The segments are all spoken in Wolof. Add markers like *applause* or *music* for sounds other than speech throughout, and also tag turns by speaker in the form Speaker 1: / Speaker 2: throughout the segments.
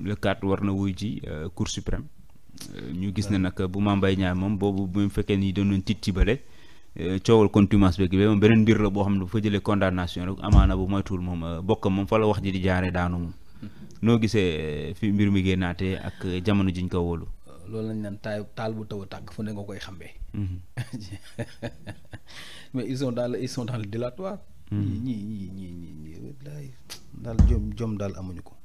Speaker 1: le war na wuy ji euh, cour suprême euh, ñu gis na nag bu Mame Mbaye Niang moom boobu bu mu fekkee nii doon nañ tiit ci bële euh, coowal contumace beeg moom beneen mbir la boo xam ne bu fa jëlee condamnation rek amaana bu moytuwul moom bokk moom fa la wax ji di jaaree daanu moom. Mm-hmm. noo gisee fi mbir mi génnaatee ak jamono jiñ ko wóolu.
Speaker 2: loolu lañ naan taay taal bu taw a tàgg fu ne nga koy xambee mm-hmm. *laughs* mais ils sont dans le ils sont dans mm-hmm. ñii ñii ñii ñii daal jom jom daal amuñu ko.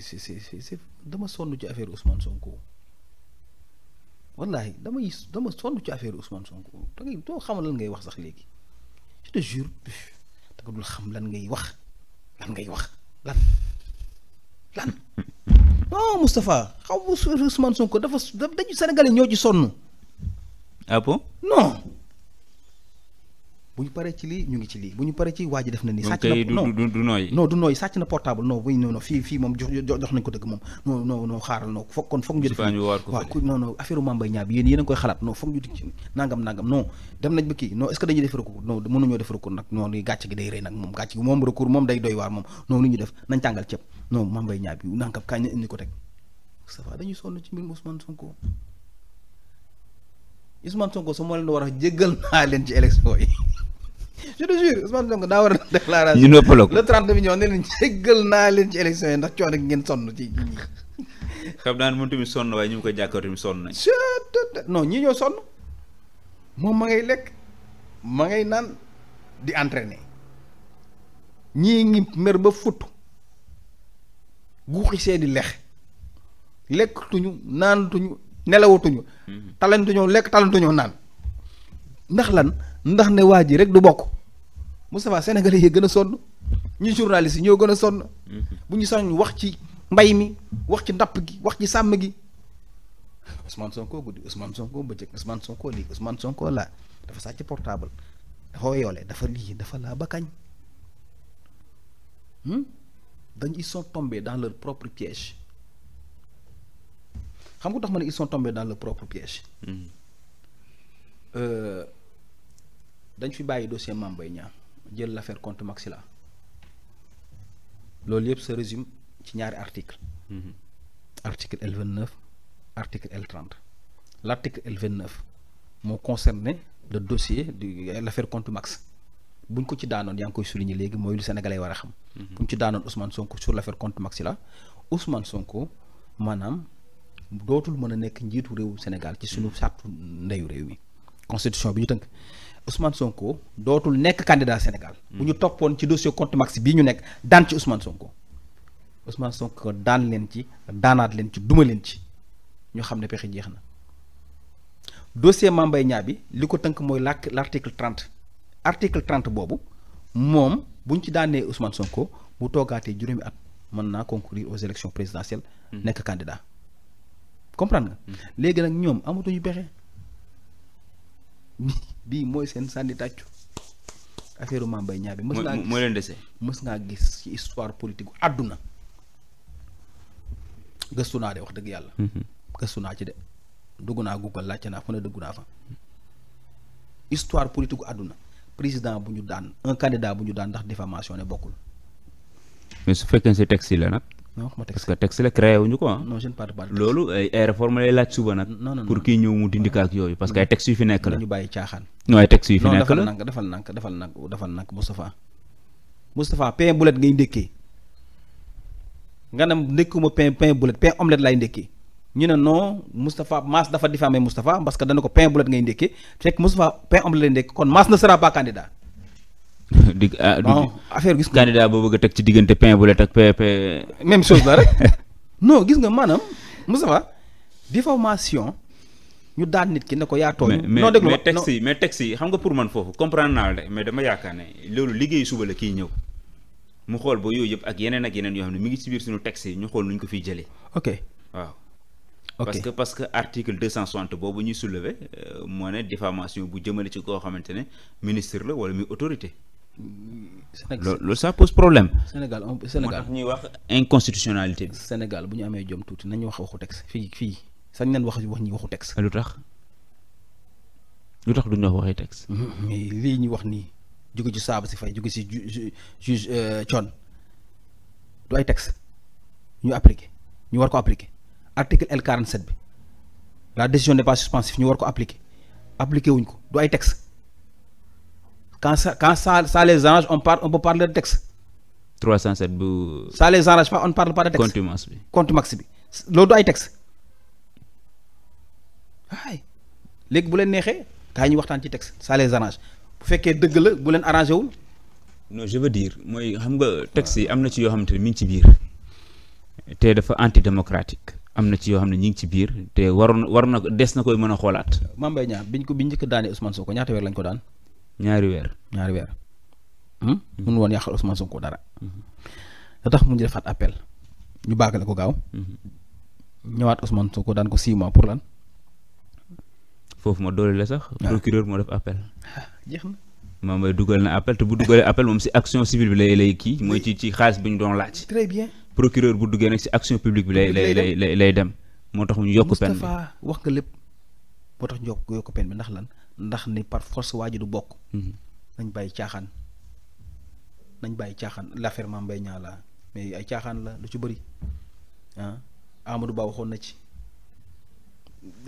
Speaker 2: c'est c'est c'est dama sonn ci affaire Ousmane Sonko wallahi damay dama sonn ci affaire Ousmane Sonko da ngay doo xam lan ngay wax sax léegi lan ngay wax lan ngay wax lan lan *laughs* non Moustapha xaw ma Ousmane Sonko dafa dañu Sénégalais ñoo ci sonn. ah bu ñu paree ci lii ñu ngi ci lii bu ñu paree ci waa ji def na nii. sàcc na non du nooy. non du nooy sàcc na portable non buñ fii fii moom jox jox nañ ko dëgg moom non xaaral non foog ñu def a ngi koy xalaat non foog ñu dig ci nangam nangam non dem nañ ba kii non est dañuy def recours non mënuñoo def recours nag non gàcc gi day rëy nag moom gàcc gi moom recours moom day doy waar moom non lu ñu def nañ tàngal ceeb non Mame Mbaye nangam kañ na indi ko teg ça dañuy sonn ci ma leen war a jéggal *laughs* naa leen ci élection yi je te jure daa war a déclaration ñu noppaloo ko le 30 millions ne leen naa leen ci élection yi ndax coono ngeen sonn ci ñi
Speaker 1: xam naa ne moom tamit sonn waaye ñu ngi ko jàkkoo tamit sonn nañ
Speaker 2: non ñii ñoo sonn moom ma ngay lekk ma ngay naan di entraîner ñii ngi mer ba futt guuxi seeni lex lekkutuñu naantuñu nelawatuñu hmm. talantuñu lekk talantuñu naan ndax lan ndax ne waa ji rek du bokk Moustapha sénégalais yi gën a sonn ñi journaliste ñoo gën a sonn mhm. bu ñu sañ wax ci mbay mi wax ci ndapp gi wax ci sàmm gi soo Sonko guddi Ousmane Sonko bëccëg Ousmane Sonko lii Ousmane Sonko laa dafa sàcc portable dafa woyoole dafa lii dafa laa ba kañ hmm? dañ ils sont dans leur propre piège xam nga tax ma ne ils sont tombés dañ fi bàyyi dossier Mame Mbaye Niang jël l'affaire compte Maxila loolu yëpp se résume ci ñaari article mhm. article L vingt neuf article L trente l' article L vingt neuf moo concerné le dossier du l' affaire compte Max buñ ko ci daanoon yaa ngi koy souligner léegi mooy lu sénégalais war a xam. Mhm. buñ ci daanoon Ousmane Sonko sur l' affaire compte Max la Ousmane Sonko maanaam dootul mën a nekk njiitu réewu Sénégal ci suñu sàttu ndeyu réew mi constitution bi ñu tënk. Ousmane Sonko dootul nekk candidat Sénégal. bu ñu toppoon ci dossier compte max bi ñu nekk daan ci Ousmane Sonko. Ousmane Sonko daan leen ci daanaat leen ci duma leen ci ñu xam ne pexe jeex na dossier Mame Mbaye bi li ko tënk mooy làkk l'article trente article trente boobu moom bu ñu ci daanee Ousmane Sonko bu toogaatee juróomi at mën naa concourir aux élections présidentielles. Mm. nekk candidat comprendre nga. Mm. léegi nag ñoom amatuñu pexe. *laughs* bii mooy seen sànni tàccu affaire Mame Mbaye Niang bi. mës ngaa moo leen dese. mës ngaa gis ci histoire politiku àdduna gëstu naa de wax dëgg yàlla. Mhm. gëstu naa ci de dugg naa Google laajte naa fu ne dugg naa fa. histoire politique àdduna président bu ñu daan un candidat bu ñu daan ndax diffamation ne bokkul.
Speaker 1: mais su fekkee si texte la nag. non wax ma texte parce que ko
Speaker 2: ah. non je ne parle pas de texte loolu
Speaker 1: ay ay lay laaj suba
Speaker 2: nag. pour
Speaker 1: kii ñëw mu dindi yooyu parce que ay textes yu fi nekk la. ñu bàyyi caaxaan.
Speaker 2: non ay textes yu fi nekk la non defal nank defal nank defal nank Moustapha. Moustapha pain boulette ngay ndékkee nga ne ndékkuma pain pain boulette pain omelette laay ndékkee ñu ne non Moustapha Mass dafa diffamé Moustapha parce que dana ko pain boulette ngay ndékkee fekk Moustapha pain omelette lay ndékkee kon Mass ne sera pas
Speaker 1: *laughs* di bon ah, affaire gis nga candidat boo bëgg a teg ci diggante pain bu lait ak pp même chose la rek
Speaker 2: *laughs* non gis nga maanaam Moustapha diffamation ñu daan nit ki ne ko yaa tooñ non déglu mais texte yi
Speaker 1: mais texte yi xam nga pour man foofu comprendre naa la de mais dama yaakaar ne loolu liggéey suba la kii ñëw mu xool ba yooyu yëpp ak yeneen ak yeneen yoo xam ne mi ngi ci biir suñu texte yi ñu xool nu ñu ko fiy jëlee ok waaw Okay. parce que parce que article 260 boobu ñuy soulever euh, moo ne diffamation bu jëmale ci koo xamante ne ministre la walla muy autorité
Speaker 2: loolu ça pose problème. Sénégal Sénégal moo tax ñuy wax
Speaker 1: inconstitutionnalité
Speaker 2: bi. Sénégal bu ñu amee jom tuuti nañu wax waxu texte fii fii sañ nañ wax wax ñi waxu texte. lu tax
Speaker 1: lu tax duñu wax waxi texte. Mhm,
Speaker 2: mais lii ñuy wax nii jóge ci saabu si fay jóge si ju juge coon euh, du ay texte ñu appliqué ñu war ko appliqué article L 47 bi la décision n'est pas suspensive ñu war ko appliqué appliqué wuñ ko du ay texte. quand ça quand ça ça les arrange on parle on peut parler de texte.
Speaker 1: 307 bu. ça
Speaker 2: les arrange pas on parle pas de texte. contumace bi contumace bi loolu du ay texte waay léegi bu leen neexee kaa ñu waxtaan ci texte ça les arrange bu fekkee dëgg la bu leen arrangé wul. non je
Speaker 1: mooy xam nga texte yi am na ci yoo xamante ne mi ngi ci biir te dafa antidémocratique am na ci yoo xam ne ñu ngi ci biir te waroon war na des na koy mën
Speaker 2: a xoolaat. Mame Mbaye Niang biñ ko biñ njëkk daane Ousmane Sonko ñaata weer lañ ko daan. ñaari weer ñaari weer. Hmm? Hmm? mënu woon yàqal Ousmane ko dara. da hmm. tax mu defaat appel ñu baagale ko gaaw. ñëwaat Ousmane Sonko daan ko 6 mois pour lan.
Speaker 1: foofu ma doole la sax. Ah. procureur moo def appel. Ah, jeex na. maam dugal na appel te bu dugalee appel moom si action civile bi lay lay kii mooy ci ci xaalis bi ñu doon laaj. très bien procureur bu duggee nag si action publique bi lay lay lay dem. moo tax ñu yokk peine
Speaker 2: bi wax nga lépp. moo tax ñu yokk yokk peine bi ndax lan ndax ni par force waa ji du bokk. Mm-hmm. nañ bàyyi caaxaan nañ bàyyi caaxaan l'affaire Mame Mbaye Niang la mais ay caaxaan la lu ci bëri ah, Amadou Ba waxoon na ci.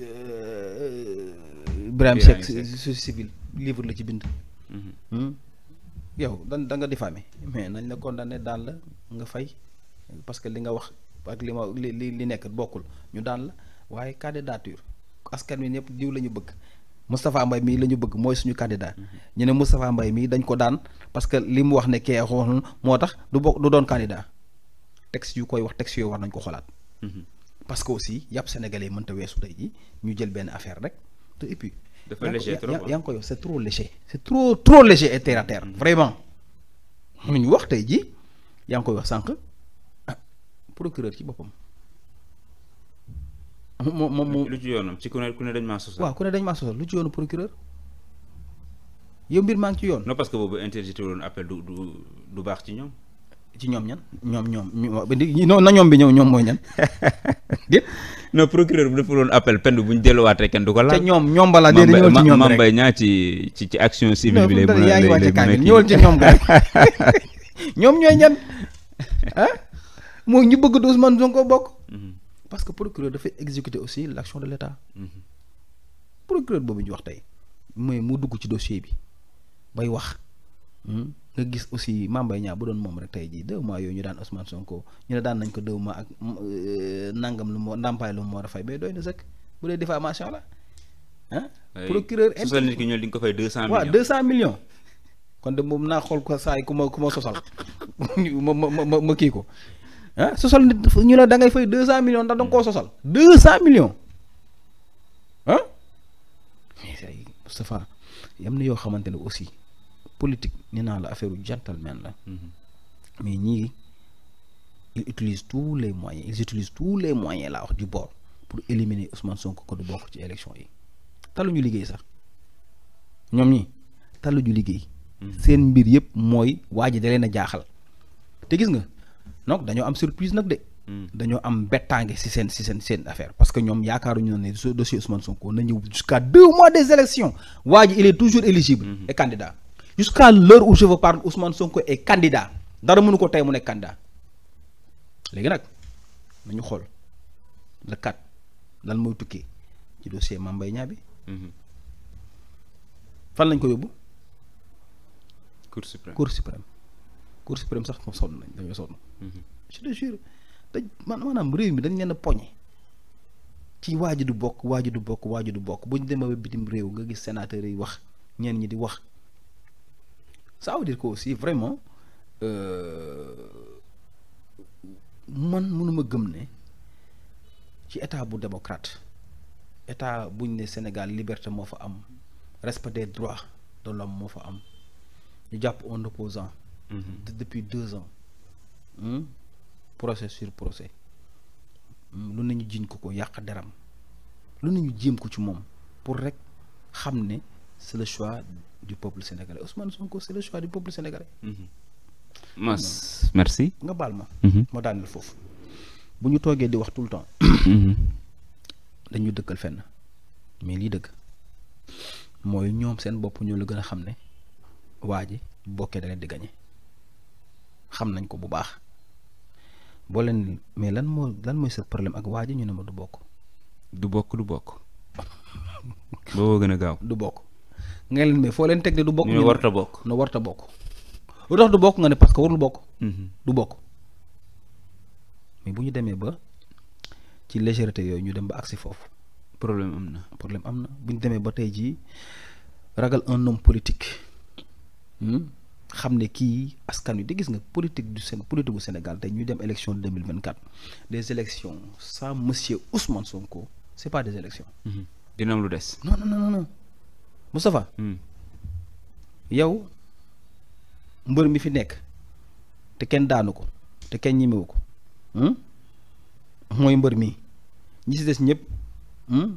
Speaker 2: Euh, Ibrahim Seck société civile livre la ci bind. Mm-hmm. Hmm? yow dan danga nga diffamé mais nañ la condamné daan la nga fay parce que li nga wax ak li ma li li nekk bokkul ñu daan la waaye candidature askan wi ñëpp diw la ñu bëgg Moustapha mbay mii la ñu bëgg mooy suñu candidat ñu ne Moustapha mbay mii dañ ko daan parce que li mu wax ne kee moo tax du bokk du doon candidat texte yu koy wax texte yooyu wax nañ ko xolaat mhm. parce que aussi yàpp sénégalais yi mënta weesu tey ji ñu jël benn affaire rek te et puis dafa léger trop yaa ngi ko yow c'est trop léger c'est trop trop léger et terre à terre mhm. vraiment mënuñu wax tey ji yaa ngi koy wax sànq ah procureur ci boppam
Speaker 1: moom moom moom. lu ci yoonam ci ku ne ku ne dañ maa
Speaker 2: sosal. waaw ku ne dañ maa sosal lu ci yoonu procureur
Speaker 1: yow mbir maa ngi ci yoon. non parce que boobu interjeté
Speaker 2: woon appel du du baax ci ñoom. ci ñoom ñan ñoom ñoom ñoom na ñoom bi ñëw ñoom mooy ñan *laughs*
Speaker 1: déet. non procureur bu defuloon appel pend bu ñu delluwaat rek kenn du ko laal. te ñoom ñoom balaa dee dañoo ñaa ci ci ci action civile bi lay. mën a lay mën ñëwal
Speaker 2: *laughs* ñoom ñooy ñan *laughs* ah mooy ñu bëgg Ousmane Sonko bokk. Mm-hmm. parce que procureur dafay exécuter aussi l' action de l' mhm. procureur boobu ñu wax tey mooy mu dugg ci dossier bi bay wax. Hmm? nga gis aussi Mame Mbaye bu doon moom rek tey jii deux mois yooyu ñu daan Ousmane Sonko ñu ne daan nañ ko deux mois ak euh, nangam lu moo ndàmpaay lu mu war a fay mais doy na sëkk bu dee diffamation la ah. procureur inter sosal nit
Speaker 1: ki ñoom di nga ko fay deux cent millions
Speaker 2: waaw deux kon de moom naa xool ko saay ku ma ku ma sosal ma ma ma kii ko. ah sosal nit ñu la dangay ngay fay deux cent millions ndax da nga koo sosal deux cent millions ah mais yam na yoo xamante ne aussi politique nee naa la affaire gentleman la mhm. mais ñii ils utilisent tous les moyens ils utilisent tous les moyens laa wax du bord pour éliminer Ousmane Sonko ko du bokk ci élection yi ñu liggéey sax ñoom ñi ñu liggéey mhm. seen mbir yëpp mooy waa ji da a jaaxal te gis nga donc dañoo am surprise nag de. Hmm. dañoo am bettaange si seen si seen seen affaire parce que ñoom yaakaaruñu ne ne dossier Ousmane Sonko na ñëw jusqu'à deux mois des élections waa ji il est toujours éligible. Hmm. et candidat jusqu'à l'heure où je vous parle Ousmane Sonko est candidat dara mënu ko tey mu nekk candidat léegi nag nañu xool le kat lan mooy tukkee ci dossier Mame Mbaye Niang bi. Hmm. fan lañ ko yóbbu. Cour suprême Cour suprême. cour suprême sax moom sonn nañ dañoo sonn. Mhm. je te jure dañ maanaam réew mi dañ leen a poñe ci waaju du bokk waaju du bokk waaju du bokk bu ñu bitim réew nga gis sénateur yi wax ñeen ñi di wax ça veut dire que aussi vraiment euh, man mënuma gëm ne ci état bu démocrate état buñ ne Sénégal liberté moo fa am respect des droits de l'homme moo fa am ñu jàpp un Mhm. de depuis deux ans hmm? procès sur procès hmm, lu nañu jiñ ko ko yàq deram lu nañu jéem ko ci moom pour rek xam ne c'est le choix du peuple sénégalais Ousmane Sonko c'est le choix du peuple sénégalais. Mhm.
Speaker 1: mas merci.
Speaker 2: nga baal ma. Mhm. ma daaneel foofu bu ñu toogee di wax tout le temps. dañu dëkkal fenn mais lii dëkk mooy ñoom seen bopp ñoo la gën a xam ne waa ji bokkee da leen di gañe xam nañ ko bu baax boo leen mais lan moo lan mooy sa problème ak waa ji ñu ne ma du bokk. du bokk du bokk.
Speaker 1: booboo gën a gaaw
Speaker 2: du bokk. nga leen foo leen teg de bokk. ñu warta bokk ñu warta bokk. lu tax du bokk nga ne parce que warul bokk. Mm-hmm. du bokk. mais bu ñu demee ba ci légèreté yooyu ñu dem ba agsi foofu. problème am na problème am na bu ñu demee ba tey jii ragal un homme politique. Hmm, xam ne kii askan wi de gis nga politique du Séné politique bu Sénégal tey ñuy dem élection 2024 des élections sans monsieur Ousmane Sonko c'est pas des élections.
Speaker 1: Mhm. dina am lu
Speaker 2: des. non non non hmm. yow mbër mi fi nekk te kenn daanu ko te kenn ñemewu ko hmm? mooy mbër mi ñi si des ñëpp hmm?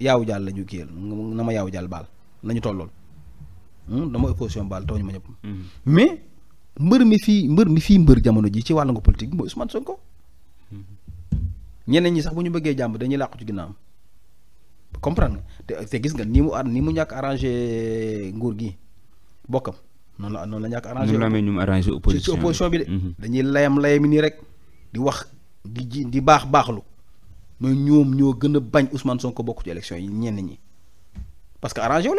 Speaker 2: yaawu jaal la ñu kiyal na ma yaawu jaal baal nañu tollool. Hmm, dama opposition baal taw ñu ma ñëpp. Hmm. mais mbër mi fii mbër mi fii mbër jamono ji ci wàllu nga politique bi mooy Ousmane Sonko. ñeneen ñi sax bu ñu bëggee jàmb dañuy làqu ci ginnaawam comprendre nga te gis nga ni mu ni mu ñàkk arrangé nguur gi bokkam noonu la noonu la ñàkk arrangé. ñu arrangé opposition bi ci opposition bi de. Hmm. dañuy layam layami nii rek di wax di ji di baax baaxlu mais ñoom ñoo gën a bañ Ousmane Sonko bokk ci élection yi ñenn ñi parce que arrangé wu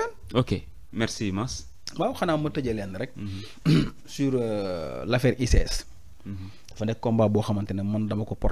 Speaker 1: merci Mass.
Speaker 2: waaw xanaa ma tëjee leen rek. Mhm. *coughs* sur euh, l'affaire ICS.
Speaker 1: Mhm. dafa nekk
Speaker 2: combat boo xamante ne man dama ko